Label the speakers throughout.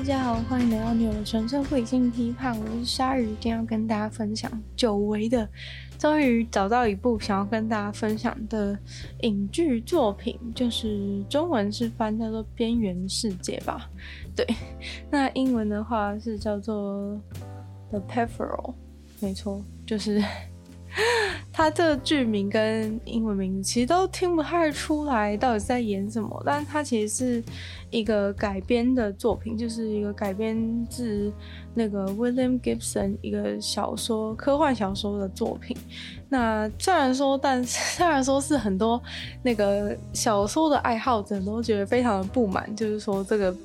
Speaker 1: 大家好，歡迎來到女友的神社會性批判。我是鯊魚，今天要跟大家分享久違的，終於找到一部想要跟大家分享的影劇作品，就是中文是翻叫做《邊緣世界》吧？對，那英文的話是叫做《The Peripheral》，沒錯，就是。他這個劇名跟英文名字其實都聽不太出來到底是在演什麼，但是他其實是一個改編的作品，就是一個改編自那個 William Gibson 一個小說科幻小說的作品。那雖然說，但是雖然說是很多那個小說的愛好者都覺得非常的不滿，就是說這個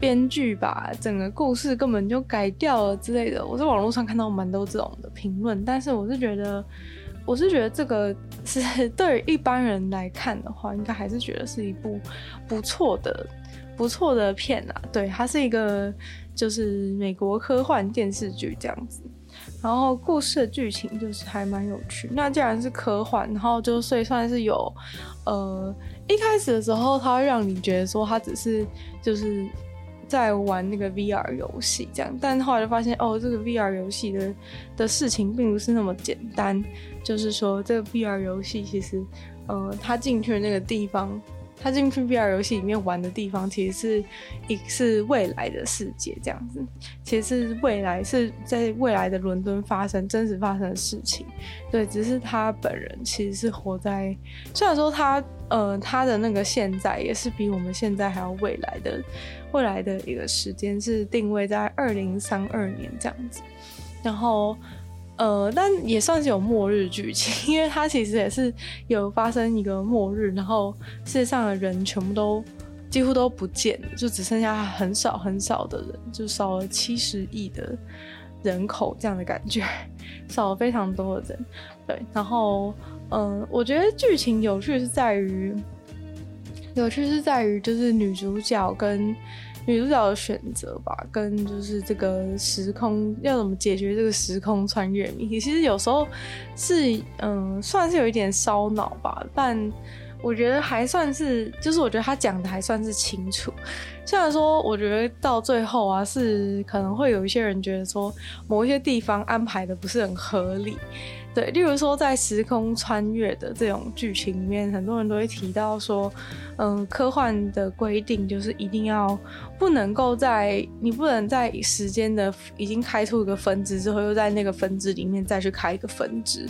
Speaker 1: 編劇把整個故事根本就改掉了之類的。我在網絡上看到蠻多這種的評論，但是我是覺得。我是覺得這個是對一般人來看的話，應該還是覺得是一部不錯的、不錯的片啊。對，它是一個就是美國科幻電視劇這樣子，然後故事的劇情就是還蠻有趣。那既然是科幻，然後就所以算是有呃，一開始的時候它會讓你覺得說它只是就是。在玩那個 VR 遊戲，這樣，但後來就發現，哦，這個 VR 遊戲的的事情並不是那麼簡單。就是說，這個 VR 遊戲其實，呃，他進去的那個地方，他進去 VR 遊戲裡面玩的地方，其實是，是未來的世界，這樣子。其實是未來是在未來的倫敦發生真實發生的事情。對，只是他本人其實是活在，雖然說他，呃，他的那個現在也是比我們現在還要未來的。未來的一個時間是定位在二零三二年這樣子，然後，呃，但也算是有末日劇情，因為它其實也是有發生一個末日，然後世界上的人全部都幾乎都不見了，就只剩下很少很少的人，就少了七十億的人口這樣的感覺，少了非常多的人。對，然後，嗯、呃，我覺得劇情有趣是在於。有趣是在於，就是女主角跟女主角的選擇吧，跟就是這個時空要怎麼解決這個時空穿越謎題，其實有時候是嗯，算是有一點燒腦吧，但我覺得還算是，就是我覺得他講的還算是清楚。雖然說，我覺得到最後啊，是可能會有一些人覺得說，某一些地方安排的不是很合理。對，例如說在時空穿越的這種劇情裡面，很多人都會提到說，嗯，科幻的規定就是一定要不能夠在，你不能在時間的已經開出一個分支之後，又在那個分支裡面再去開一個分支。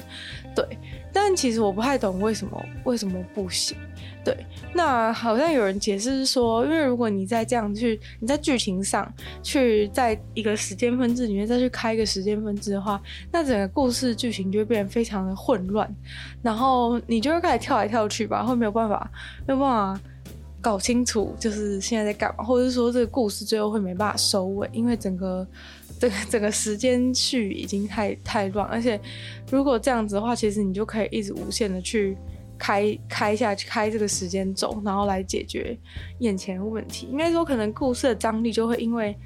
Speaker 1: 對，但其實我不太懂為什麼，為什麼不行。對，那好像有人解釋說，因為如果你在這樣去，你在劇情上去，在一個時間分支裡面再去開一個時間分支的話，那整個故事劇情就會變得非常的混亂，然後你就會開始跳來跳去吧，會沒有辦法，沒有辦法搞清楚就是現在在幹嘛，或者是說這個故事最後會沒辦法收尾，因為整個這個整個時間序已經太太亂，而且如果這樣子的話，其實你就可以一直無限的去，開開下去，開這個時間軸，然後來解決眼前的問題。應該說，可能故事的張力就會因為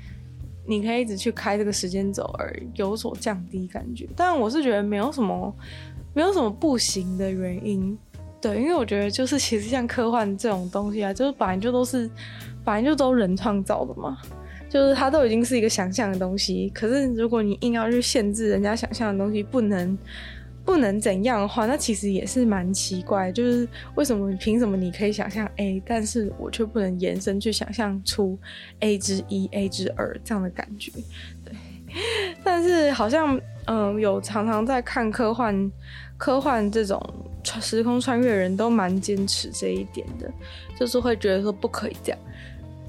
Speaker 1: 你可以一直去開這個時間軸而有所降低感覺。但我是覺得沒有什麼，沒有什麼不行的原因。對，因為我覺得就是其實像科幻這種東西啊，就是本來就都是，本來就都人創造的嘛，就是它都已經是一個想象的東西。可是如果你硬要去限制人家想象的東西，不能。不能怎樣的話，那其實也是蠻奇怪，就是為什麼憑什麼你可以想象 A，但是我卻不能延伸去想象出 A 之一、A 之二這樣的感覺。對，但是好像嗯，有常常在看科幻，科幻這種穿時空穿越的人都蠻堅持這一點的，就是會覺得說不可以這樣。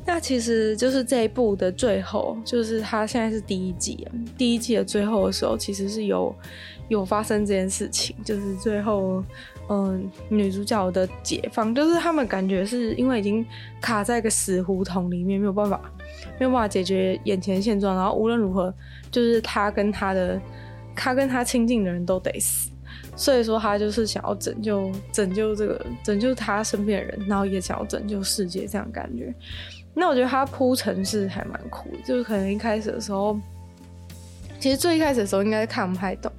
Speaker 1: 那其實就是這一部的最後，就是它現在是第一季啊，第一季的最後的時候，其實是有。有發生這件事情，就是最後，嗯、呃，女主角的解放，就是他們感覺是因為已經卡在一個死胡同裡面，沒有辦法，沒有辦法解決眼前現狀，然後無論如何，就是他跟他的，他跟他親近的人都得死，所以說他就是想要拯救，拯救這個，拯救他身邊的人，然後也想要拯救世界這樣的感覺。那我覺得他鋪陳是還蠻酷的，就是可能一開始的時候。其實最一開始的時候應該是看不太懂，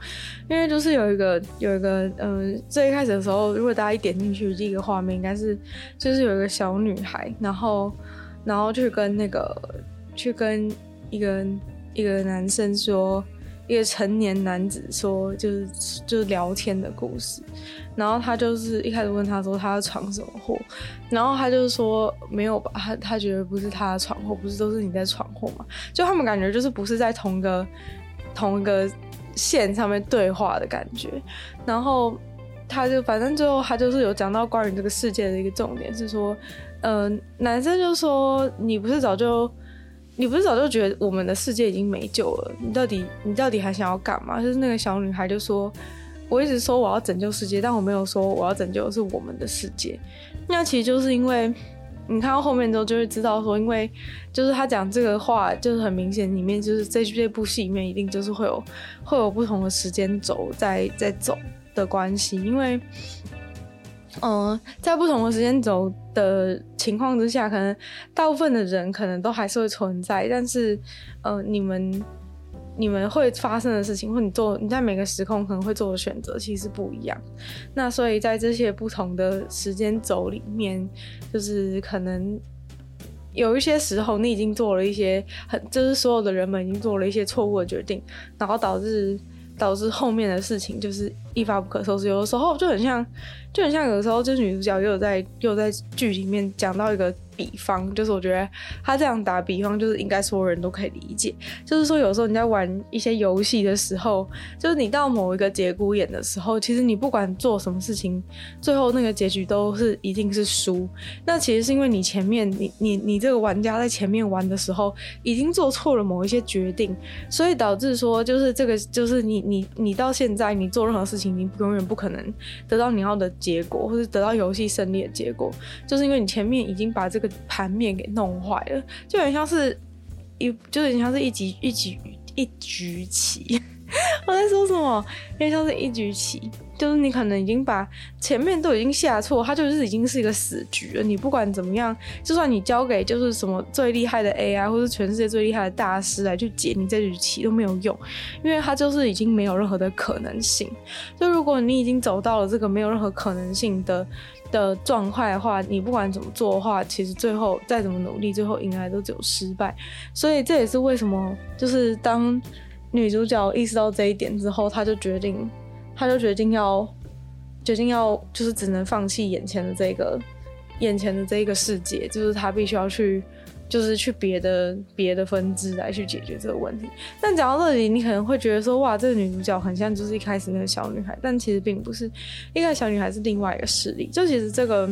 Speaker 1: 因為就是有一個有一個嗯、呃，最一開始的時候，如果大家一點進去，第一個畫面應該是就是有一個小女孩，然後然後去跟那個去跟一個一個男生說，一個成年男子說，就是就是聊天的故事，然後他就是一開始問他說他要闖什麼禍，然後他就是說沒有吧，他他覺得不是他闖禍，不是都是你在闖禍嘛，就他們感覺就是不是在同一個。同一個線上面對話的感覺，然後他就反正最後他就是有講到關於這個世界的一個重點是說，嗯、呃，男生就說，你不是早就你不是早就覺得我們的世界已經沒救了，你到底你到底還想要幹嘛？就是那個小女孩就說，我一直說我要拯救世界，但我沒有說我要拯救的是我們的世界，那其實就是因為。你看到後面之後就會知道說因為就是他講這個話，就是很明顯裡面就是這這部戲裡面一定就是會有會有不同的時間軸在在走的關係，因為，嗯、呃，在不同的時間軸的情況之下，可能大部分的人可能都還是會存在，但是，呃，你們。你們會發生的事情，或你做你在每個時空可能會做的選擇，其實不一樣。那所以在這些不同的時間軸裡面，就是可能有一些時候你已經做了一些很，就是所有的人們已經做了一些錯誤的決定，然後導致導致後面的事情就是。一發不可收拾，有的時候就很像，就很像。有的時候，就是女主角又有在又有在劇裡面講到一個比方，就是我覺得她這樣打比方，就是應該所有人都可以理解。就是說，有時候你在玩一些遊戲的時候，就是你到某一個節骨眼的時候，其實你不管做什麼事情，最後那個結局都是一定是輸。那其實是因為你前面，你你你這個玩家在前面玩的時候，已經做錯了某一些決定，所以導致說，就是這個就是你你你到現在你做任何事情。你永遠不可能得到你要的結果，或者得到遊戲勝利的結果，就是因為你前面已經把這個盤面給弄壞了，就很像是，一就有點像是一局一局一局棋。 我在說什麼？有點像是一局棋。就是你可能已經把前面都已經下錯，它就是已經是一個死局了。你不管怎麼樣，就算你交給就是什麼最厲害的 AI，或是全世界最厲害的大師來去解你這局棋都沒有用，因為它就是已經沒有任何的可能性。就如果你已經走到了這個沒有任何可能性的的狀態的話，你不管怎麼做的話，其實最後再怎麼努力，最後迎來都只有失敗。所以這也是為什麼，就是當女主角意識到這一點之後，她就決定。他就決定要，決定要，就是只能放棄眼前的這個，眼前的這個世界，就是他必須要去，就是去別的別的分支來去解決這個問題。但講到這裡，你可能會覺得說，哇，這個女主角很像就是一開始那個小女孩，但其實並不是，一開始小女孩是另外一個勢力，就其實這個。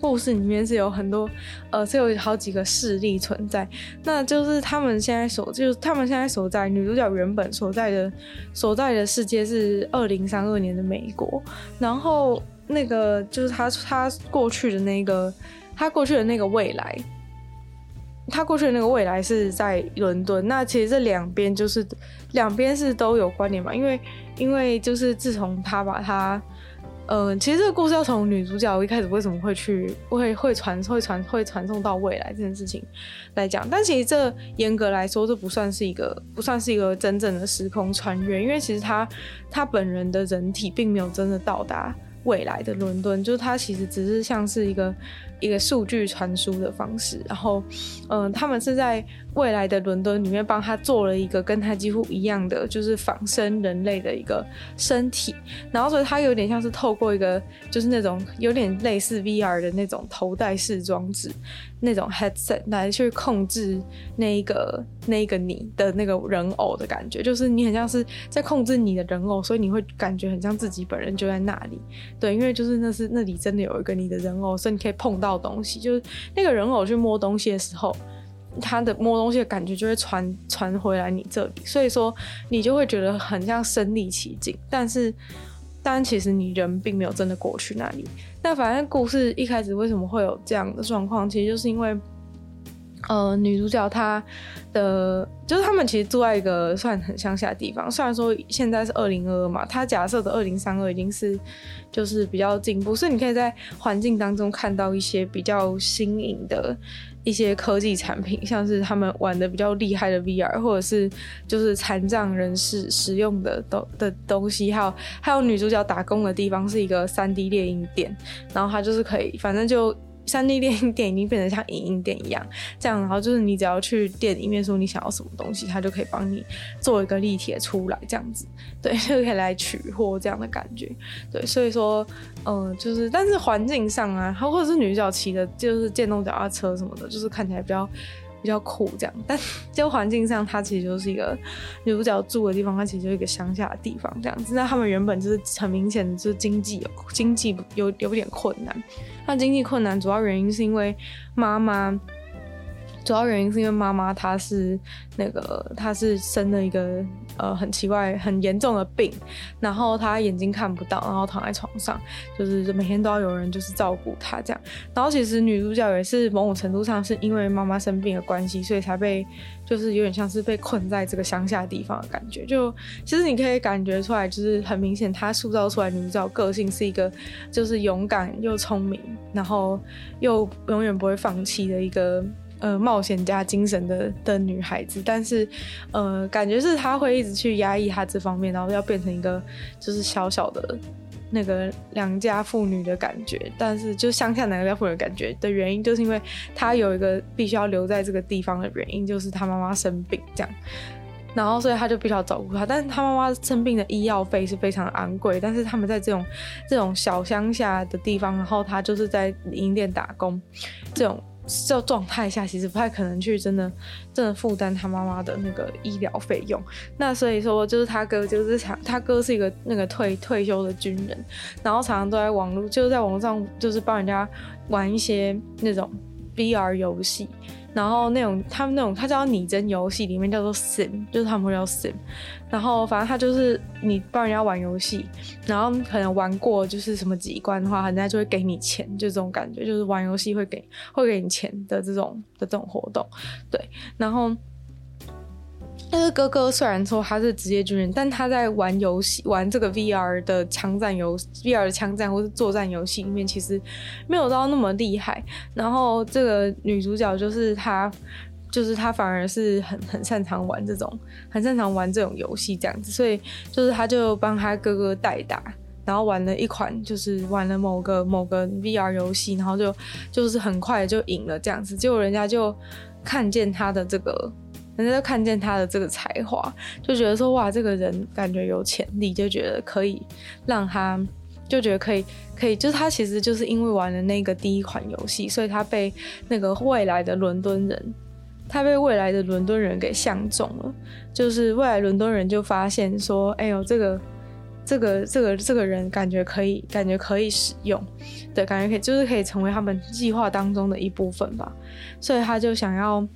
Speaker 1: 故事裡面是有很多，呃，是有好幾個勢力存在。那就是他們現在所，就是他們現在所在女主角原本所在的所在的世界是二零三二年的美國。然後那個就是他他過去的那個，他過去的那個未來，他過去的那個未來是在倫敦。那其實這兩邊就是兩邊是都有關聯嘛，因為因為就是自從他把他。嗯、呃，其實這個故事要從女主角一開始為什麼會去，會會傳會傳會傳送到未來這件事情來講。但其實這嚴格來說，這不算是一個不算是一個真正的時空穿越，因為其實她她本人的人體並沒有真的到達。未來的倫敦，就是它其實只是像是一個一個數據傳輸的方式，然後，嗯、呃，他們是在未來的倫敦裡面幫他做了一個跟他幾乎一樣的，就是仿生人類的一個身體，然後所以他有點像是透過一個就是那種有點類似 VR 的那種頭戴式裝置。那種 headset 來去控制那一個那一個你的那個人偶的感覺，就是你很像是在控制你的人偶，所以你會感覺很像自己本人就在那裡。對，因為就是那是那裡真的有一個你的人偶，所以你可以碰到東西，就是那個人偶去摸東西的時候，他的摸東西的感覺就會傳傳回來你這裡，所以說你就會覺得很像身歷其境，但是，但其實你人並沒有真的過去那裡。那反正故事一開始為什麼會有這樣的狀況？其實就是因為，呃，女主角她的就是他們其實住在一個算很鄉下的地方。雖然說現在是二零二二嘛，她假設的二零三二已經是就是比較進步，所以你可以在環境當中看到一些比較新穎的。一些科技產品，像是他們玩的比較厲害的 VR，或者是就是殘障人士使用的東的東西，還有還有女主角打工的地方是一個 3D 列印店，然後她就是可以，反正就。3D 電影店已經變得像影音店一樣，這樣，然後就是你只要去店裡面說你想要什麼東西，他就可以幫你做一個立體出來，這樣子，對，就可以來取貨這樣的感覺，對，所以說，嗯、呃，就是，但是環境上啊，他或者是女角騎的就是電動腳踏車什麼的，就是看起來比較。比較苦這樣，但這個環境上，它其實就是一個女主角住的地方，它其實就是一個鄉下的地方這樣子。那他們原本就是很明顯的，就是經濟經濟有有點困難。那經濟困難主要原因是因為媽媽。主要原因是因為媽媽，她是那個她是生了一個呃很奇怪很嚴重的病，然後她眼睛看不到，然後躺在床上，就是每天都要有人就是照顧她這樣。然後其實女主角也是某種程度上是因為媽媽生病的關係，所以才被就是有點像是被困在這個鄉下地方的感覺。就其實你可以感覺出來，就是很明顯她塑造出來女主角個性是一個就是勇敢又聰明，然後又永遠不會放棄的一個，呃，冒險家精神的的女孩子，但是，呃，感覺是她會一直去壓抑她這方面，然後要變成一個就是小小的那個良家婦女的感覺，但是就鄉下良家婦女的感覺的原因，就是因為她有一個必須要留在這個地方的原因，就是她媽媽生病這樣，然後所以她就必須要照顧她，但是她媽媽生病的醫藥費是非常昂貴，但是他們在這種這種小鄉下的地方，然後她就是在銀店打工這種。這狀態下其實不太可能去真的，真的負擔他媽媽的那個醫療費用。那所以說，就是他哥就是他哥是一個那個退退休的軍人，然後常常都在網絡，就是、在網上就是幫人家玩一些那種 VR 遊戲。然後那種他們那種，他叫擬真遊戲，裡面叫做 SIM，就是他們會叫 SIM。然後反正他就是你幫人家玩遊戲，然後可能玩過就是什麼幾關的話，人家就會給你錢，就這種感覺，就是玩遊戲會給會給你錢的這種的這種活動。對，然後。但是哥哥雖然說他是職業軍人，但他在玩遊戲、玩這個 VR 的槍戰遊、VR 的槍戰或是作戰遊戲裡面，其實沒有到那麼厲害。然後這個女主角就是她，就是她反而是很很擅長玩這種、很擅長玩這種遊戲這樣子，所以就是她就幫她哥哥代打，然後玩了一款，就是玩了某個某個 VR 遊戲，然後就就是很快就贏了這樣子，結果人家就看見他的這個。人家都看見他的這個才華，就覺得說哇，這個人感覺有潛力，就覺得可以讓他，就覺得可以，可以，就是他其實就是因為玩了那個第一款遊戲，所以他被那個未來的倫敦人，他被未來的倫敦人給相中了。就是未來倫敦人就發現說，哎呦，這個，這個，這個，這個人感覺可以，感覺可以使用，對，感覺可以，就是可以成為他們計劃當中的一部分吧。所以他就想要。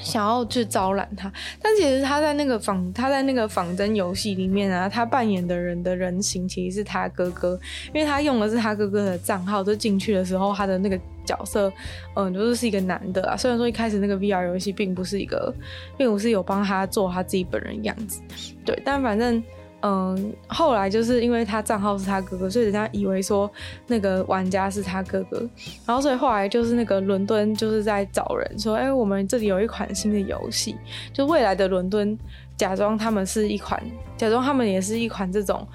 Speaker 1: 想要去招攬他，但其實他在那個仿他在那個仿真遊戲裡面啊，他扮演的人的人形其實是他哥哥，因為他用的是他哥哥的賬號，就進去的時候他的那個角色，嗯，都、就是是一個男的啊。雖然說一開始那個 VR 遊戲並不是一個，並不是有幫他做他自己本人的樣子的，對，但反正。嗯，後來就是因為他賬號是他哥哥，所以人家以為說那個玩家是他哥哥，然後所以後來就是那個倫敦就是在找人說，哎、欸，我們這裡有一款新的遊戲，就未來的倫敦，假裝他們是一款，假裝他們也是一款這種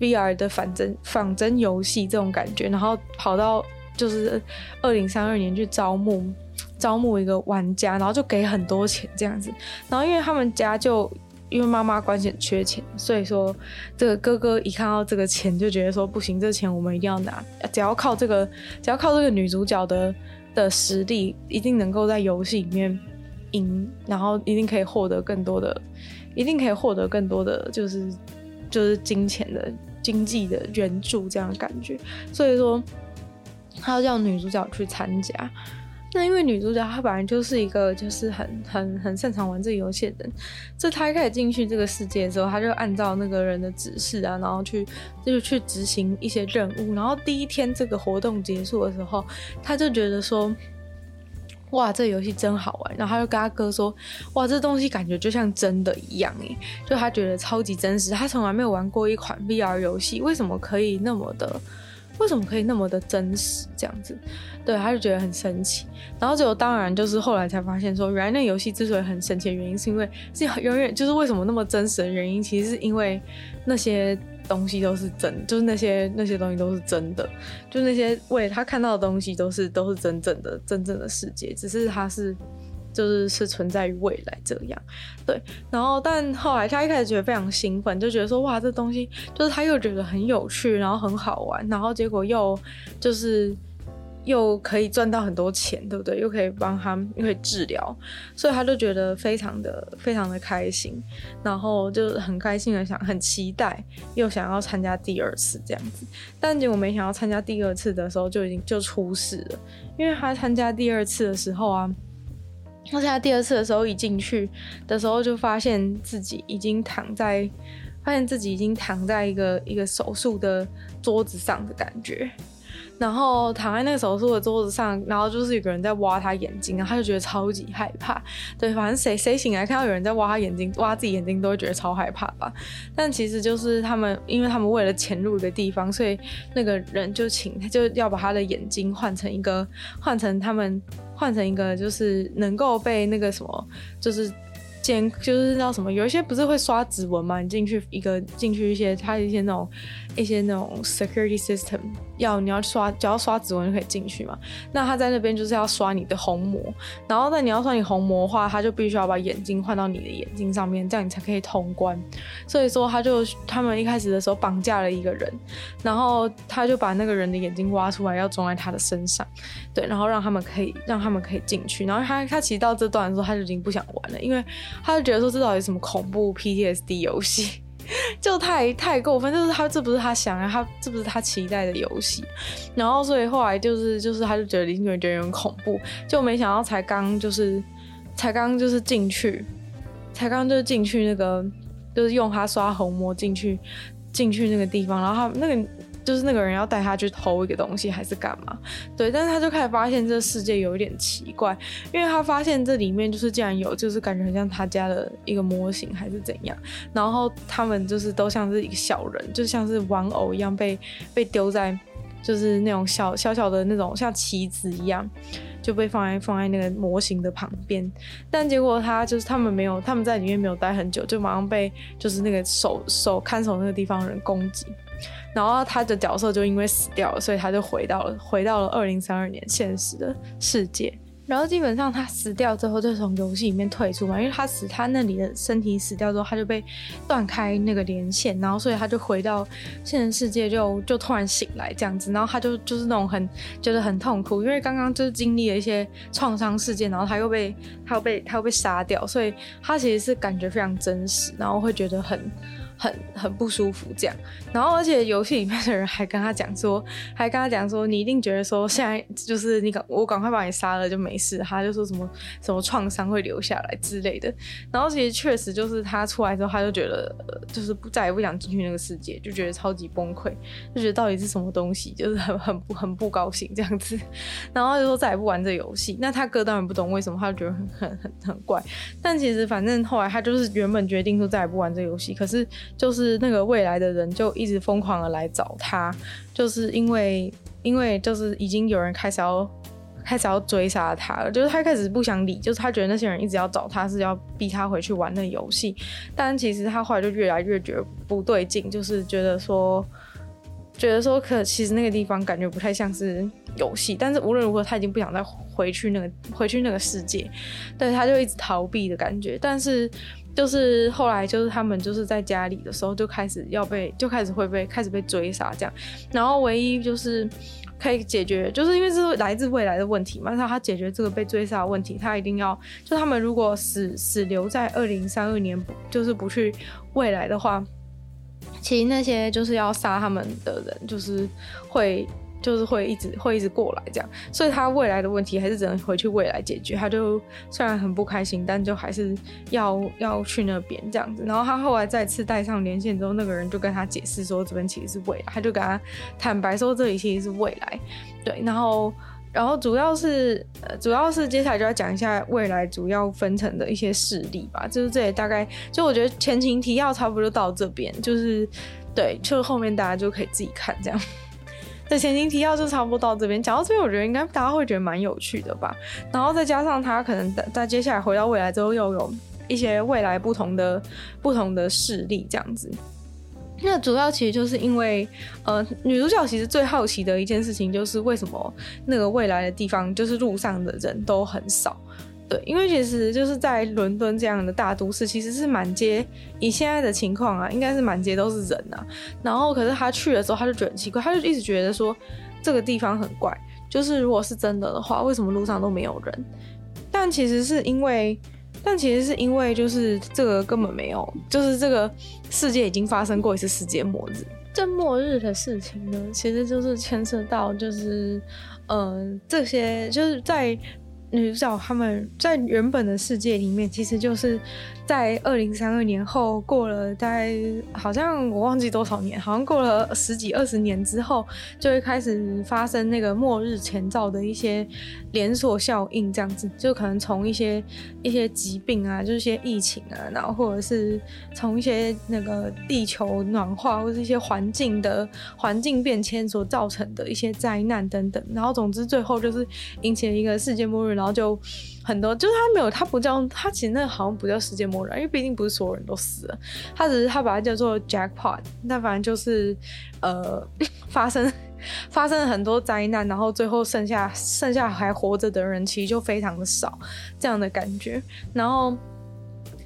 Speaker 1: VR 的反真仿真仿真遊戲這種感覺，然後跑到就是二零三二年去招募招募一個玩家，然後就給很多錢這樣子，然後因為他們家就。因為媽媽關係很缺錢，所以說這個哥哥一看到這個錢就覺得說不行，這個錢我們一定要拿，只要靠這個，只要靠這個女主角的的實力，一定能夠在遊戲裡面贏，然後一定可以獲得更多的，一定可以獲得更多的就是就是金錢的經濟的援助這樣的感覺，所以說他要叫女主角去參加。那因為女主角，她本來就是一個就是很很很擅長玩這個遊戲的人，就她一開始進去這個世界之後，她就按照那個人的指示啊，然後去就去執行一些任務。然後第一天這個活動結束的時候，她就覺得說，哇，這遊戲真好玩。然後她就跟她哥說，哇，這東西感覺就像真的一樣誒，就她覺得超級真實。她從來沒有玩過一款 VR 遊戲，為什麼可以那麼的？為什麼可以那麼的真實這樣子？對，他就覺得很神奇。然後就當然就是後來才發現說，說原來那遊戲之所以很神奇的原因，是因為是永遠就是為什麼那麼真實的原因，其實是因為那些東西都是真，就是那些那些東西都是真的，就那些為他看到的東西都是都是真正的真正的世界，只是他是。就是是存在於未來這樣，對。然後，但後來他一開始覺得非常興奮，就覺得說，哇，這東西就是他又覺得很有趣，然後很好玩，然後結果又就是又可以賺到很多錢，對不對？又可以幫他，又可以治療，所以他就覺得非常的非常的開心，然後就很開心的想，很期待，又想要參加第二次這樣子。但結果沒想到參加第二次的時候，就已經就出事了，因為他參加第二次的時候啊。那現在第二次的時候一進去的時候，就發現自己已經躺在，發現自己已經躺在一個一個手術的桌子上的感覺，然後躺在那個手術的桌子上，然後就是有個人在挖他眼睛，然後他就覺得超級害怕。對，反正誰誰醒來看到有人在挖他眼睛，挖自己眼睛都會覺得超害怕吧。但其實就是他們，因為他們為了潛入的地方，所以那個人就請他就要把他的眼睛換成一個換成他們。換成一個就是能夠被那個什麼，就是。就是叫什麼，有一些不是會刷指紋嘛？你進去一個進去一些，他一些那種一些那種 security system 要你要刷，只要刷指紋就可以進去嘛。那他在那邊就是要刷你的虹膜，然後但你要刷你虹膜的話，他就必須要把眼睛換到你的眼睛上面，這樣你才可以通關。所以說他就他們一開始的時候綁架了一個人，然後他就把那個人的眼睛挖出來要裝在他的身上，對，然後讓他們可以讓他們可以進去。然後他他其實到這段的時候他就已經不想玩了，因為。他就覺得說這到底什麼，恐怖 PTSD 遊戲， 就太太過分，就是他這不是他想啊，他這不是他期待的遊戲，然後所以後來就是就是他就覺得林俊杰有點恐怖。就沒想到才剛就是才剛就是進去，才剛就是進去那個就是用他刷紅魔進去進去那個地方，然後他那個。就是那個人要帶他去偷一個東西，還是幹嘛？對，但是他就開始發現這世界有一點奇怪，因為他發現這裡面就是竟然有，就是感覺很像他家的一個模型，還是怎樣。然後他們就是都像是一個小人，就像是玩偶一樣被被丟在。就是那種小小小的那種像棋子一樣，就被放在放在那個模型的旁邊。但結果他就是他們沒有他們在裡面沒有待很久，就馬上被就是那個守守看守那個地方的人攻擊。然後他的角色就因為死掉了，所以他就回到了回到了二零三二年現實的世界。然後基本上他死掉之後就從遊戲裡面退出嘛，因為他死他那裡的身體死掉之後他就被斷開那個連線，然後所以他就回到現實世界就就突然醒來這樣子，然後他就就是那種很覺得很痛苦，因為剛剛就是經歷了一些創傷事件，然後他又被他又被他又被，他又被殺掉，所以他其實是感覺非常真實，然後會覺得很。很很不舒服這樣，然後而且遊戲裡面的人還跟他講說，還跟他講說，你一定覺得說現在就是你趕我趕快把你殺了就沒事，他就說什麼什麼創傷會留下來之類的。然後其實確實就是他出來之後，他就覺得就是不再也不想進去那個世界，就覺得超級崩潰，就覺得到底是什麼東西，就是很很不很不高興這樣子。然後就說再也不玩這遊戲。那他哥當然不懂為什麼，他就覺得很很很很怪。但其實反正後來他就是原本決定說再也不玩這遊戲，可是。就是那個未來的人就一直瘋狂的來找他，就是因為因為就是已經有人開始要開始要追殺他了，就是他一開始不想理，就是他覺得那些人一直要找他是要逼他回去玩那遊戲，但其實他後來就越來越覺得不對勁，就是覺得說，覺得說可其實那個地方感覺不太像是遊戲，但是無論如何他已經不想再回去那個回去那個世界，對，他就一直逃避的感覺，但是。就是後來，就是他們就是在家裡的時候就開始要被，就開始會被開始被追殺這樣。然後唯一就是可以解決，就是因為是來自未來的問題嘛。他他解決這個被追殺的問題，他一定要就他們如果死死留在二零三二年，不就是不去未來的話，其實那些就是要殺他們的人，就是會。就是會一直會一直過來這樣，所以他未來的問題還是只能回去未來解決。他就雖然很不開心，但就還是要要去那邊這樣子。然後他後來再次帶上連線之後，那個人就跟他解釋說，這邊其實是未來。他就跟他坦白說，這裡其實是未來。對，然後然後主要是、呃、主要是接下來就要講一下未來主要分成的一些勢力吧。就是這大概就我覺得前情提要差不多到這邊，就是對，就是後面大家就可以自己看這樣。在前情提要就差不多到這邊。講到這邊，我覺得應該大家會覺得蠻有趣的吧。然後再加上他可能在接下來回到未來之後，又有一些未來不同的不同的勢力這樣子。那主要其實就是因為，呃，女主角其實最好奇的一件事情就是為什麼那個未來的地方，就是路上的人都很少。對，因為其實就是在倫敦這樣的大都市，其實是滿街。以現在的情況啊，應該是滿街都是人啊。然後，可是他去了之後，他就覺得很奇怪，他就一直覺得說這個地方很怪。就是如果是真的的話，為什麼路上都沒有人？但其實是因為，但其實是因為就是這個根本沒有，就是這個世界已經發生過一次世界末日。這末日的事情呢，其實就是牽涉到就是，嗯、呃，這些就是在。女主角他們在原本的世界裡面，其實就是。在二零三二年後，過了大概好像我忘記多少年，好像過了十幾二十年之後，就會開始發生那個末日前兆的一些連鎖效應，這樣子就可能從一些一些疾病啊，就是一些疫情啊，然後或者是從一些那個地球暖化或者是一些環境的環境變遷所造成的一些災難等等，然後總之最後就是引起了一個世界末日，然後就。很多就是他沒有，他不叫，他其實那好像不叫世界末日，因為畢竟不是所有人都死了，他只是他把它叫做 jackpot，那反正就是呃發生發生了很多災難，然後最後剩下剩下還活着的人其實就非常的少這樣的感覺，然後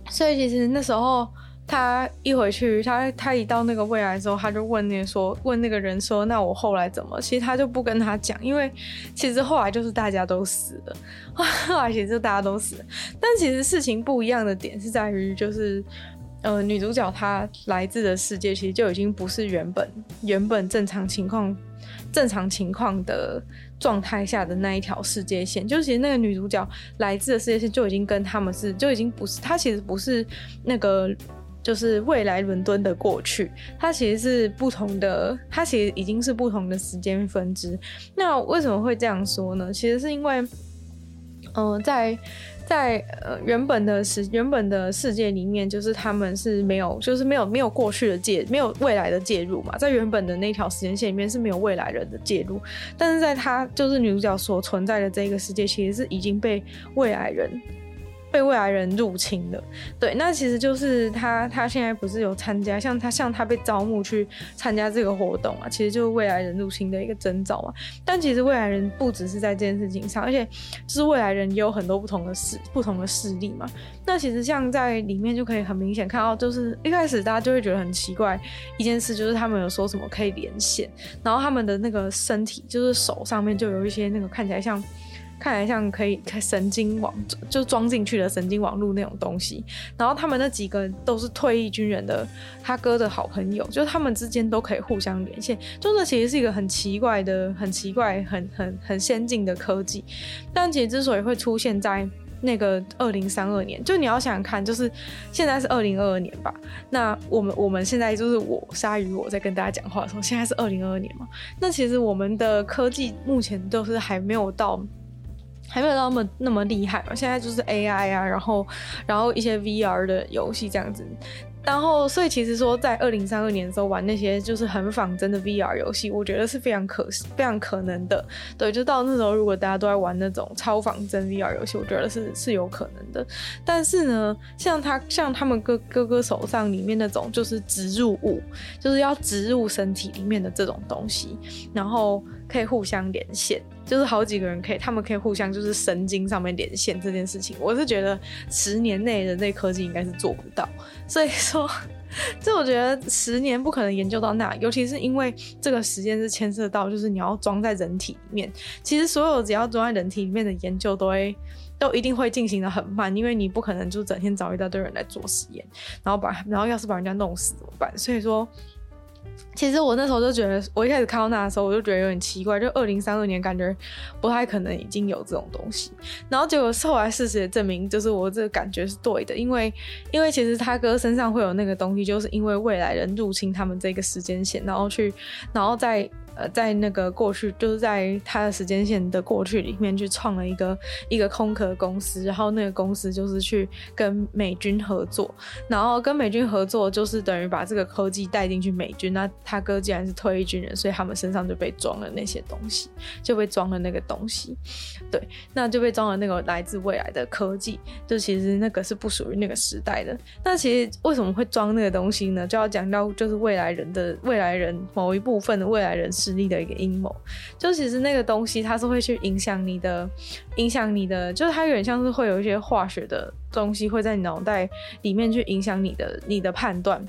Speaker 1: 所以其實那時候。他一回去，他他一到那個未來的時候，他就問那個說問那個人說，那我後來怎麼？其實他就不跟他講，因為其實後來就是大家都死了，後來其實就大家都死了。但其實事情不一樣的點是在於，就是呃女主角她來自的世界其實就已經不是原本原本正常情況正常情況的狀態下的那一條世界線，就是其實那個女主角來自的世界線就已經跟他們是就已經不是，她其實不是那個。就是未來倫敦的過去，它其實是不同的，它其實已經是不同的時間分支。那為什麼會這樣說呢？其實是因為，嗯、呃，在在呃原本的時原本的世界裡面，就是他們是沒有，就是沒有沒有過去的介，沒有未來的介入嘛。在原本的那條時間線裡面是沒有未來人的介入，但是在他就是女主角所存在的這個世界，其實是已經被未來人。被未來人入侵了，對，那其實就是他，他現在不是有參加，像他，像他被招募去參加這個活動啊，其實就是未來人入侵的一個徵兆嘛。但其實未來人不只是在這件事情上，而且就是未來人也有很多不同的勢，不同的勢力嘛。那其實像在裡面就可以很明顯看到，就是一開始大家就會覺得很奇怪一件事，就是他們有說什麼可以連線，然後他們的那個身體，就是手上面就有一些那個看起來像。看來像可以神經網就裝進去的神經網絡那種東西，然後他們那幾個都是退役軍人的，他哥的好朋友，就他們之間都可以互相連線。就這其實是一個很奇怪的、很奇怪、很很很先進的科技。但其實之所以會出現在那個二零三二年，就你要想想看，就是現在是二零二二年吧？那我們我們現在就是我鯊魚我在跟大家講話的時候，現在是二零二二年嘛？那其實我們的科技目前都是還沒有到。還沒有到那麼那麼厲害，現在就是 AI 啊，然後然後一些 VR 的遊戲這樣子，然後所以其實說在二零三二年的時候玩那些就是很仿真的 VR 遊戲，我覺得是非常可非常可能的。對，就到那時候，如果大家都在玩那種超仿真 VR 遊戲，我覺得是是有可能的。但是呢，像他像他們哥哥哥手上裡面那種就是植入物，就是要植入身體裡面的這種東西，然後。可以互相連線，就是好幾個人可以，他們可以互相就是神經上面連線這件事情，我是覺得十年內人類科技應該是做不到，所以說，這我覺得十年不可能研究到那，尤其是因為這個時間是牽涉到就是你要裝在人體裡面，其實所有只要裝在人體裡面的研究都會都一定會進行得很慢，因為你不可能就整天找一大堆人來做實驗，然後把然後要是把人家弄死怎麼辦？所以說。其實我那時候就覺得，我一開始看到那的時候，我就覺得有點奇怪，就二零三六年感覺不太可能已經有這種東西，然後結果後來事實也證明，就是我這個感覺是對的，因為因為其實他哥身上會有那個東西，就是因為未來人入侵他們這個時間線，然後去，然後再。呃，在那個過去，就是在他的時間線的過去裡面去創了一個一個空殼公司，然後那個公司就是去跟美軍合作，然後跟美軍合作就是等於把這個科技帶進去美軍。那他哥既然是退役軍人，所以他們身上就被裝了那些東西，就被裝了那個東西，對，那就被裝了那個來自未來的科技，就其實那個是不屬於那個時代的。那其實為什麼會裝那個東西呢？就要講到就是未來人的未來人某一部分的未來人是。勢力的一個陰謀，就其實那個東西它是會去影響你的，影響你的，就是它有點像是會有一些化學的東西會在你腦袋裡面去影響你的，你的判斷，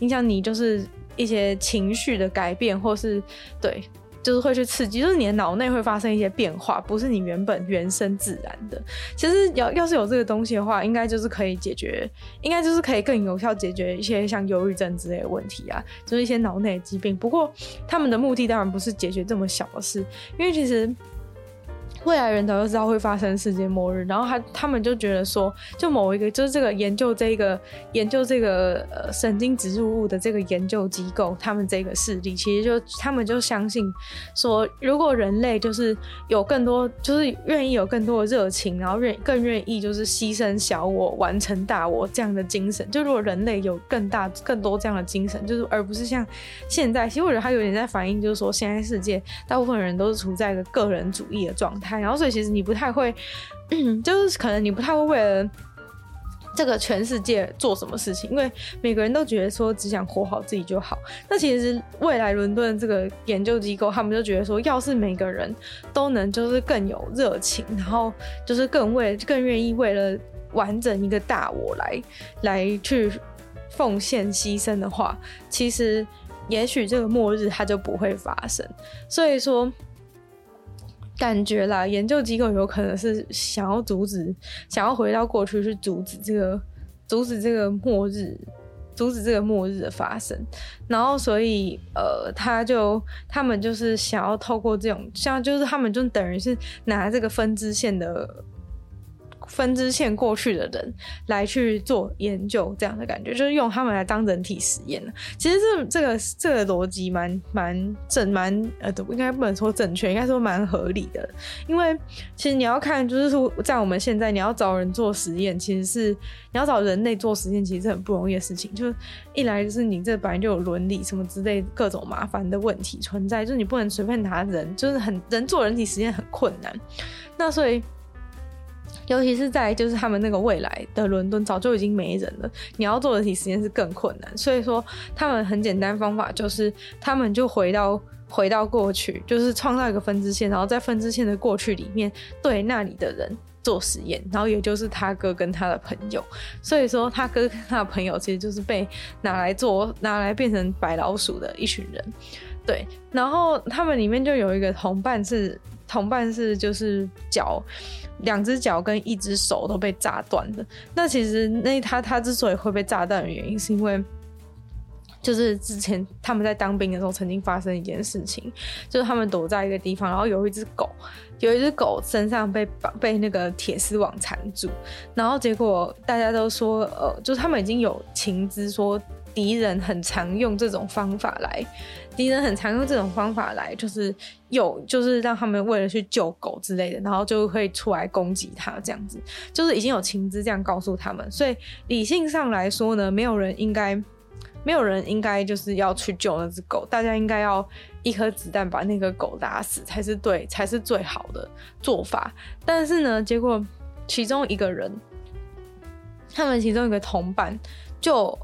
Speaker 1: 影響你就是一些情緒的改變，或是對。就是會去刺激，就是你的腦內會發生一些變化，不是你原本原生自然的。其實要要是有這個東西的話，應該就是可以解決，應該就是可以更有效解決一些像憂鬱症之類的問題啊，就是一些腦內疾病。不過他們的目的當然不是解決這麼小的事，因為其實。未來人早就知道會發生世界末日，然後他他們就覺得說，就某一個就是這個研究這個研究這個呃神經植入物的這個研究機構，他們這個勢力，其實就他們就相信說，如果人類就是有更多，就是願意有更多的熱情，然後願更願意就是犧牲小我完成大我這樣的精神，就如果人類有更大更多這樣的精神，就是而不是像現在，其實我覺得他有點在反映，就是說現在世界大部分人都是處在一個個人主義的狀態。然後，所以其實你不太會，就是可能你不太會為了這個全世界做什麼事情，因為每個人都覺得說只想活好自己就好。那其實未來倫敦這個研究機構，他們就覺得說，要是每個人都能就是更有熱情，然後就是更為更願意為了完整一個大我來來去奉獻犧牲的話，其實也許這個末日它就不會發生。所以說。感覺啦，研究機構有可能是想要阻止，想要回到過去去阻止這個，阻止這個末日，阻止這個末日的發生。然後，所以呃，他就他們就是想要透過這種，像就是他們就等於是拿這個分支線的。分支線過去的人來去做研究，這樣的感覺就是用他們來當人體實驗。其實這這個這個邏輯蠻蠻正蠻呃，應該不能說正確，應該說蠻合理的。因為其實你要看，就是說在我們現在你要找人做實驗，其實是你要找人類做實驗，其實是很不容易的事情。就是一來就是你這本來就有倫理什麼之類各種麻煩的問題存在，就是你不能隨便拿人，就是很人做人體實驗很困難。那所以。尤其是在就是他們那個未來的倫敦早就已經沒人了，你要做人體實驗是更困難。所以說他們很簡單方法就是他們就回到回到過去，就是創造一個分支線，然後在分支線的過去裡面對那裡的人做實驗，然後也就是他哥跟他的朋友。所以說他哥跟他的朋友其實就是被拿來做拿來變成白老鼠的一群人。對，然後他們裡面就有一個同伴是。同伴是就是腳兩隻腳跟一隻手都被炸斷的。那其實那他他之所以會被炸斷的原因，是因為就是之前他們在當兵的時候曾經發生一件事情，就是他們躲在一個地方，然後有一隻狗，有一隻狗身上被被那個鐵絲網纏住，然後結果大家都說，呃，就他們已經有情知說敵人很常用這種方法來。敵人很常用這種方法來，就是有就是讓他們為了去救狗之類的，然後就會出來攻擊他這樣子。就是已經有情資這樣告訴他們，所以理性上來說呢，沒有人應該，沒有人應該就是要去救那只狗，大家應該要一顆子彈把那個狗打死才是對，才是最好的做法。但是呢，結果其中一個人，他們其中一個同伴就。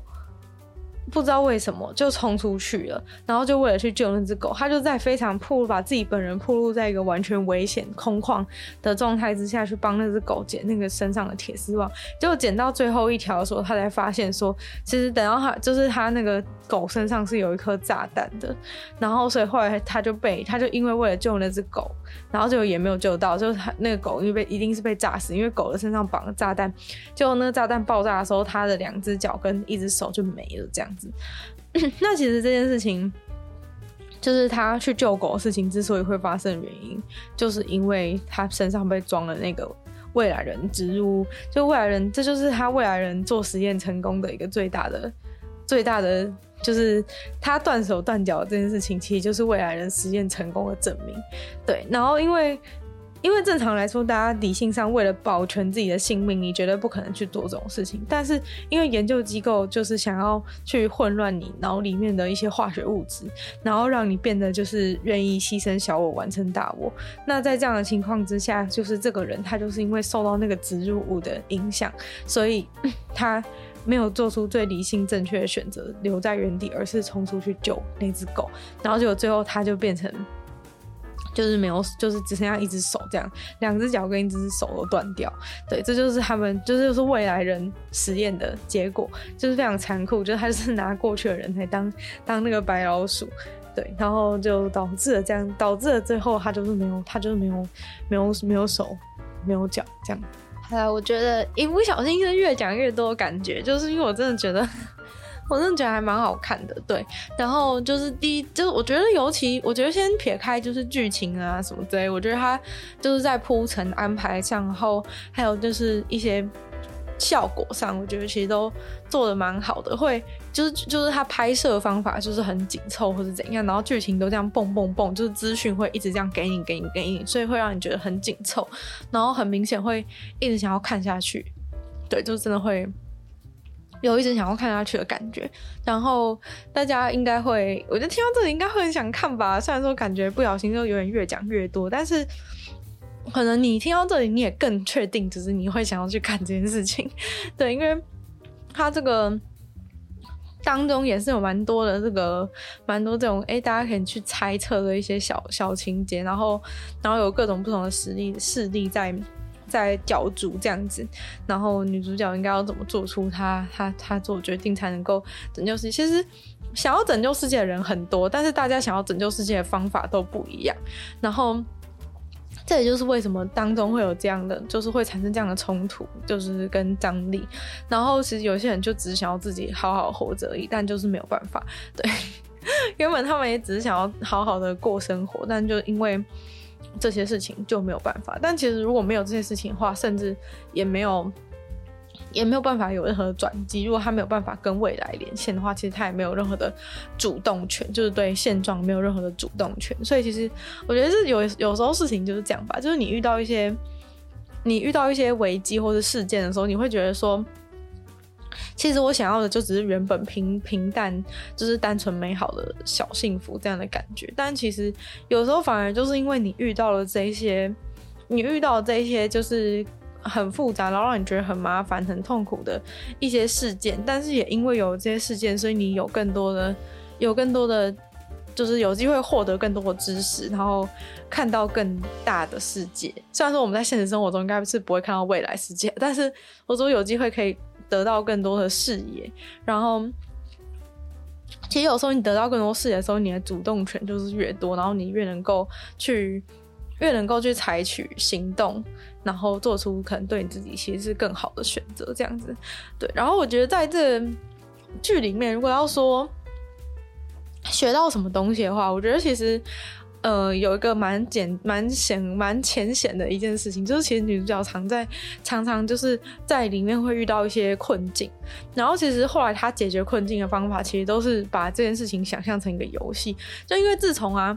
Speaker 1: 不知道為什麼就衝出去了，然後就為了去救那隻狗，他就在非常暴露，把自己本人暴露在一個完全危險、空曠的狀態之下去幫那隻狗撿那個身上的鐵絲網。結果撿到最後一條的時候，他才發現說，其實等到他就是他那個狗身上是有一顆炸彈的。然後所以後來他就被他就因為為了救那隻狗，然後就也沒有救到，就是他那個狗因為被一定是被炸死，因為狗的身上綁了炸彈。結果那個炸彈爆炸的時候，他的兩隻腳跟一隻手就沒了，這樣。 那其實這件事情，就是他去救狗的事情之所以會發生原因，就是因為他身上被裝了那個未來人植入，就未來人，這就是他未來人做實驗成功的一個最大的、最大的，就是他斷手斷腳這件事情，其實就是未來人實驗成功的證明。對，然後因為。因為正常來說，大家理性上為了保全自己的性命，你絕對不可能去做這種事情。但是因為研究機構就是想要去混亂你腦裡面的一些化學物質，然後讓你變得就是願意犧牲小我，完成大我。那在這樣的情況之下，就是這個人他就是因為受到那個植入物的影響，所以，嗯，他沒有做出最理性正確的選擇，留在原地，而是衝出去救那只狗。然後結果最後他就變成。就是沒有，就是只剩下一隻手這樣，兩隻腳跟一隻手都斷掉。對，這就是他們，就是就是未來人實驗的結果，就是非常殘酷。就是他就是拿過去的人來當當那個白老鼠，對，然後就導致了這樣，導致了最後他就是沒有，他就是沒有，沒有沒有手，沒有腳這樣。後來我覺得一不小心就是越越講越多，感覺就是因為我真的覺得。我真的覺得還蠻好看的，對。然後就是第一，就是我覺得尤其，我覺得先撇開就是劇情啊什麼之類的，我覺得它就是在鋪陳安排上，然後還有就是一些效果上，我覺得其實都做得蠻好的。會就是就是它拍攝方法就是很緊湊，或是怎樣，然後劇情都這樣蹦蹦蹦，就是資訊會一直這樣給你給你給你，所以會讓你覺得很緊湊，然後很明顯會一直想要看下去。對，就是真的會。有一直想要看下去的感覺，然後大家應該會，我覺得聽到這裡應該會很想看吧。雖然說感覺不小心就有點越講越多，但是可能你聽到這裡你也更確定，只是你會想要去看這件事情。對，因為他這個當中也是有蠻多的這個蠻多這種哎、欸、大家可以去猜測的一些小小情節，然後然後有各種不同的實力勢力在在角逐這樣子，然後女主角應該要怎麼做出她她她做決定才能夠拯救世界？其實想要拯救世界的人很多，但是大家想要拯救世界的方法都不一樣。然後這也就是為什麼當中會有這樣的，就是會產生這樣的衝突，就是跟張力。然後其實有些人就只是想要自己好好活着而已，但就是沒有辦法。對， 原本他們也只是想要好好的過生活，但就因為。這些事情就沒有辦法，但其實如果沒有這些事情的話，甚至也沒有，也沒有辦法有任何的轉機。如果他沒有辦法跟未來連線的話，其實他也沒有任何的主動權，就是對現狀沒有任何的主動權。所以其實我覺得是有有時候事情就是這樣吧，就是你遇到一些你遇到一些危機或者事件的時候，你會覺得說。其實我想要的就只是原本平平淡，就是單純美好的小幸福這樣的感覺。但其實有時候反而就是因為你遇到了這一些，你遇到這一些就是很複雜，然後讓你覺得很麻煩、很痛苦的一些事件。但是也因為有這些事件，所以你有更多的、有更多的，就是有機會獲得更多的知識，然後看到更大的世界。雖然說我們在現實生活中應該是不會看到未來世界，但是我總有機會可以。得到更多的視野，然後其實有時候你得到更多視野的時候，你的主動權就是越多，然後你越能夠去，越能夠去採取行動，然後做出可能對你自己其實是更好的選擇。這樣子，對。然後我覺得在這劇裡面，如果要說學到什麼東西的話，我覺得其實。呃，有一個蠻簡、蠻顯、蠻淺顯的一件事情，就是其實女主角常在，常常就是在裡面會遇到一些困境，然後其實後來她解決困境的方法，其實都是把這件事情想象成一個遊戲。就因為自從啊，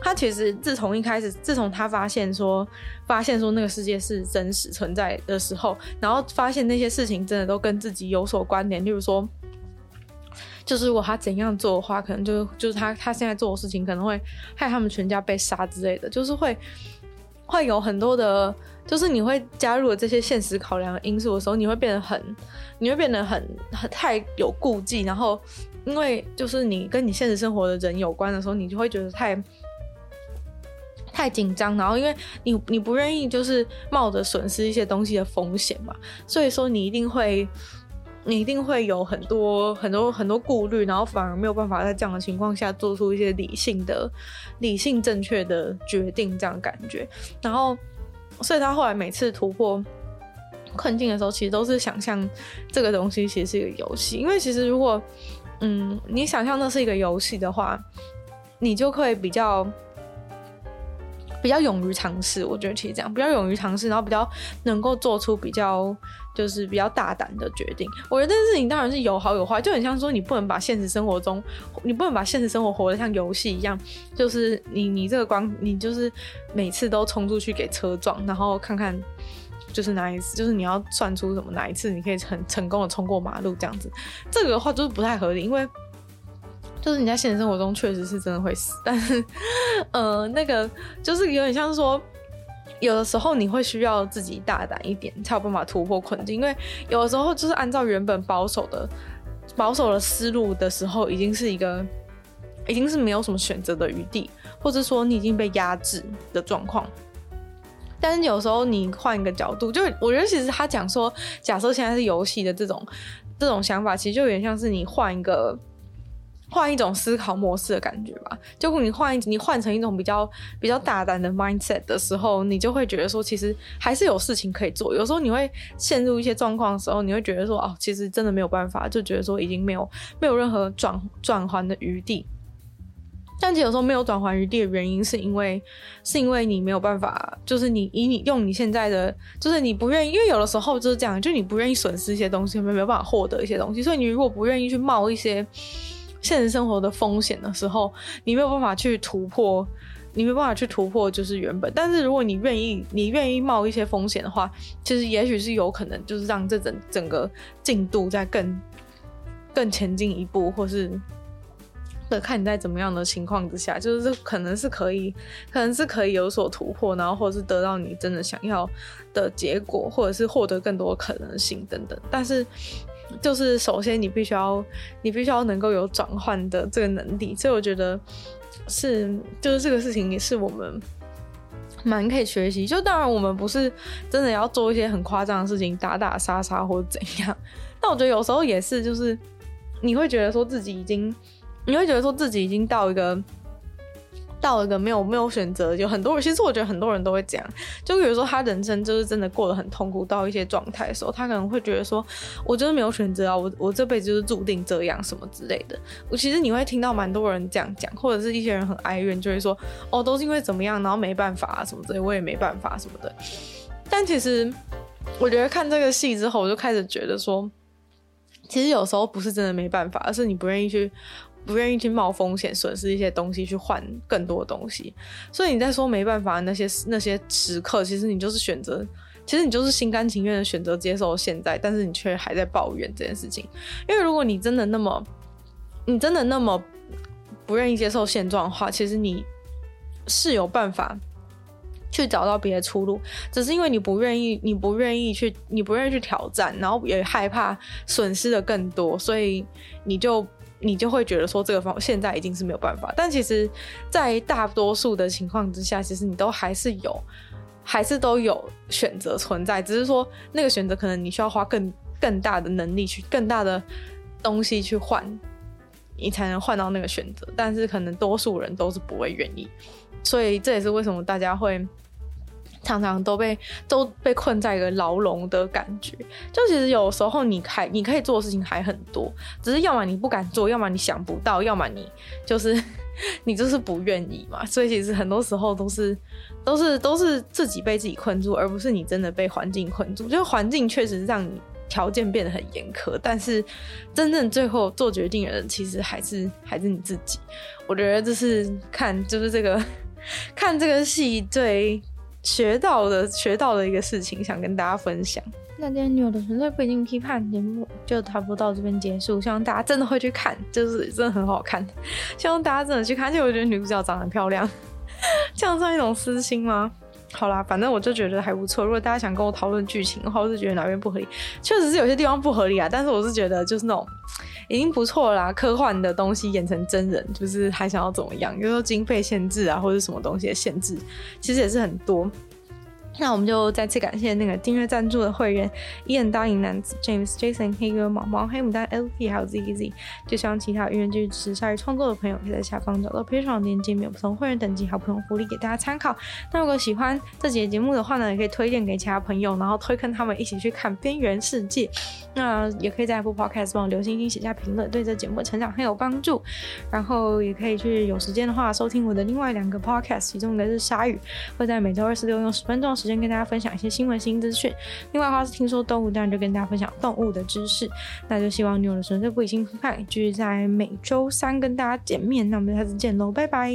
Speaker 1: 她其實自從一開始，自從她發現說，發現說那個世界是真實存在的時候，然後發現那些事情真的都跟自己有所關聯，例如說。就是如果他怎樣做的話，可能就就是他他現在做的事情，可能會害他們全家被殺之類的。就是會會有很多的，就是你會加入了這些現實考量的因素的時候，你會變得很，你會變得很很太有顧忌。然後因為就是你跟你現實生活的人有關的時候，你就會覺得太太緊張。然後因為你你不願意就是冒着損失一些東西的風險嘛，所以說你一定會。你一定會有很多很多很多顧慮，然後反而沒有辦法在這樣的情況下做出一些理性的、理性正確的決定，這樣的感覺。然後，所以他後來每次突破困境的時候，其實都是想象這個東西其實是一個遊戲。因為其實如果嗯你想象那是一個遊戲的話，你就會比較比較勇於嘗試。我覺得其實這樣比較勇於嘗試，然後比較能夠做出比較。就是比較大膽的決定，我覺得這件事情當然是有好有壞，就很像說你不能把現實生活中，你不能把現實生活活得像遊戲一樣，就是你你這個光你就是每次都衝出去給車撞，然後看看就是哪一次，就是你要算出什麼哪一次你可以成成功的衝過馬路這樣子，這個的話就是不太合理，因為就是你在現實生活中確實是真的會死，但是呃那個就是有點像說。有的時候你會需要自己大膽一點，才有辦法突破困境。因為有的時候就是按照原本保守的、保守的思路的時候，已經是一個，已經是沒有什麼選擇的餘地，或者說你已經被壓制的狀況。但是有時候你換一個角度，就我覺得其實他講說，假設現在是遊戲的這種、這種想法，其實就有點像是你換一個。換一種思考模式的感覺吧。結果你換一，你換成一種比較比較大膽的 mindset 的時候，你就會覺得說，其實還是有事情可以做。有時候你會陷入一些狀況的時候，你會覺得說，哦，其實真的沒有辦法，就覺得說已經沒有沒有任何轉轉圜的餘地。但其實有時候沒有轉圜餘地的原因，是因為是因為你沒有辦法，就是你以你用你現在的就是你不願意，因為有的時候就是這樣，就你不願意損失一些東西，沒沒有辦法獲得一些東西，所以你如果不願意去冒一些。現實生活的風險的時候，你沒有辦法去突破，你沒辦法去突破就是原本。但是如果你願意，你願意冒一些風險的話，其實也許是有可能，就是讓這整整個進度再更更前進一步，或是或者看你在怎麼樣的情況之下，就是可能是可以，可能是可以有所突破，然後或者是得到你真的想要的結果，或者是獲得更多可能性等等。但是。就是首先，你必須要，你必須要能夠有轉換的這個能力。所以我覺得是，就是這個事情也是我們蠻可以學習。就當然，我們不是真的要做一些很誇張的事情，打打殺殺或者怎樣。但我覺得有時候也是，就是你會覺得說自己已經，你會覺得說自己已經到一個。到了個沒有沒有選擇，有很多人。人其實我覺得很多人都會這樣，就比如說他人生就是真的過得很痛苦，到一些狀態的時候，他可能會覺得說：“我真的沒有選擇啊，我我這輩子就是注定這樣，什麼之類的。”我其實你會聽到蠻多人這樣講，或者是一些人很哀怨，就會、是、說：“哦，都是因為怎麼樣，然後沒辦法啊，什麼之類，我也沒辦法、啊、什麼的。”但其實我覺得看這個戲之後，我就開始覺得說，其實有時候不是真的沒辦法，而是你不願意去。不願意去冒風險，損失一些東西去換更多的東西，所以你在說沒辦法，那些那些時刻，其實你就是選擇，其實你就是心甘情願的選擇接受現在，但是你卻還在抱怨這件事情。因為如果你真的那麼，你真的那麼不願意接受現狀的話，其實你是有辦法去找到別的出路，只是因為你不願意，你不願意去，你不願意去挑戰，然後也害怕損失的更多，所以你就。你就會覺得說，這個方法現在已經是沒有辦法，但其實，在大多數的情況之下，其實你都還是有，還是都有選擇存在，只是說那個選擇可能你需要花更更大的能力去更大的東西去換，你才能換到那個選擇，但是可能多數人都是不會願意，所以這也是為什麼大家會。常常都被都被困在一個牢籠的感覺，就其實有時候你還你可以做的事情還很多，只是要麼你不敢做，要麼你想不到，要麼你就是你就是不願意嘛。所以其實很多時候都是都是都是自己被自己困住，而不是你真的被環境困住。就環境確實讓你條件變得很嚴苛，但是真正最後做決定的人其實還是還是你自己。我覺得這是看就是這個看這個戲最。學到的學到的一個事情，想跟大家分享。那今天女友的存在不一定批判節目就差不多到這邊結束，希望大家真的會去看，就是真的很好看，希望大家真的去看。而且我覺得女主角長得很漂亮， 這樣算一種私心嗎？好啦，反正我就覺得還不錯。如果大家想跟我討論劇情的話，我是覺得哪邊不合理，確實是有些地方不合理啊。但是我是覺得就是那種。已經不錯啦，科幻的東西演成真人，就是還想要怎麼樣？有時候經費限制啊，或者什麼東西的限制，其實也是很多。那我們就再次感謝那個訂閱贊助的會員，一人答應男子 James、Jason、黑哥、毛毛、黑牡丹 LP，還有 Z Z。就希望其他願意支持鯊魚創作的朋友，可以在下方找到 Patreon 的鏈接，沒有不同會員等級，還有不同福利給大家參考。那如果喜歡這節節目的話呢，也可以推薦給其他朋友，然後推坑他們一起去看《邊緣世界》。那也可以在 Apple Podcast 幫我留星星寫下評論，對這節目的成長很有幫助。然後也可以去有時間的話收聽我的另外兩個 Podcast，其中一個是《鯊魚》，會在每周二十六用十分鐘的時。先跟大家分享一些新聞、新資訊。另外的話，是聽說動物，當然就跟大家分享動物的知識。那就希望你有的粉絲不遺心批判，繼續在每周三跟大家見面。那我們下次見嘍，拜拜。